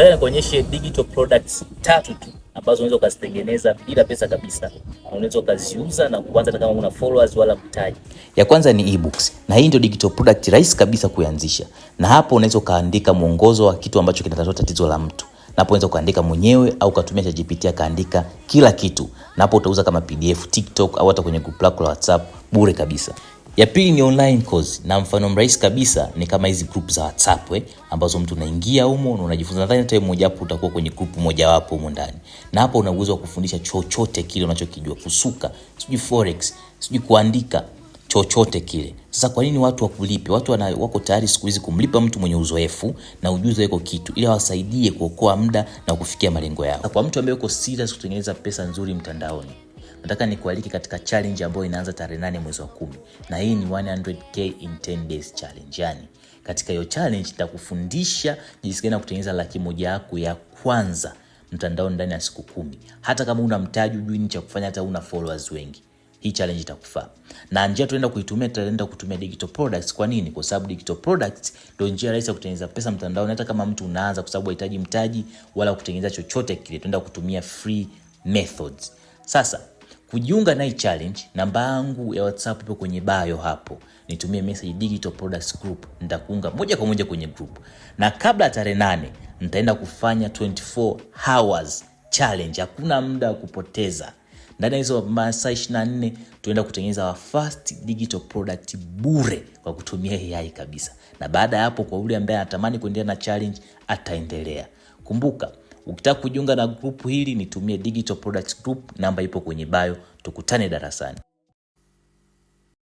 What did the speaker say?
Nataka nikuonyeshe digital products tatu tu ambazo unaweza ukazitengeneza bila pesa kabisa, unaweza ukaziuza na kuanza kama una followers wala mtaji. Ya kwanza ni ebooks, na hii ndio digital product rahisi kabisa kuanzisha, na hapo unaweza ukaandika mwongozo wa kitu ambacho kinatatua tatizo la mtu napo unaweza ukaandika mwenyewe au ukatumia ChatGPT akaandika kila kitu, napo utauza kama PDF, TikTok au hata kwenye group lako la WhatsApp bure kabisa. Ya pili ni online course, na mfano mrahisi kabisa ni kama hizi group za WhatsApp we, eh, ambazo mtu unaingia humo na unajifunza. Nadhani hata mmoja hapo utakuwa kwenye group wapo humo ndani, na hapo una uwezo wa kufundisha chochote kile unachokijua, kusuka, sijui forex, sijui kuandika, chochote kile. Sasa kwa nini watu wakulipe? Watu wana, wako tayari siku hizi kumlipa mtu mwenye uzoefu na ujuzi wako kitu ili awasaidie kuokoa muda na kufikia malengo yao. Kwa mtu ambaye uko serious kutengeneza pesa nzuri mtandaoni nataka nikualike katika challenge ambayo inaanza tarehe nane mwezi wa kumi, na hii ni 100k in 10 days challenge. Yani katika hiyo challenge nitakufundisha jinsi gani ya kutengeneza laki moja yako ya kwanza mtandao ndani ya siku kumi. Hata kama una mtaji ujui ni cha kufanya, hata una followers wengi hii challenge itakufaa na njia tunaenda kuitumia, tutaenda kutumia digital products. Kwa nini? Kwa sababu digital products ndio njia rahisi ya kutengeneza pesa mtandaoni, hata kama mtu unaanza, kwa sababu hahitaji mtaji wala kutengeneza chochote kile. Tunaenda kutumia free methods. Sasa Kujiunga na challenge, namba yangu ya WhatsApp ipo kwenye bio hapo. Nitumie message Digital Products Group, nitakuunga moja kwa moja kwenye group. Na kabla ya tarehe nane nitaenda kufanya 24 hours challenge. Hakuna muda wa kupoteza. Ndani ya hizo masaa 24 tunaenda kutengeneza wa first digital product bure kwa kutumia AI kabisa. Na baada ya hapo, kwa yule ambaye anatamani kuendelea na challenge ataendelea. Kumbuka Ukitaka kujiunga na grupu hili nitumie Digital Products Group, namba ipo kwenye bio. Tukutane darasani.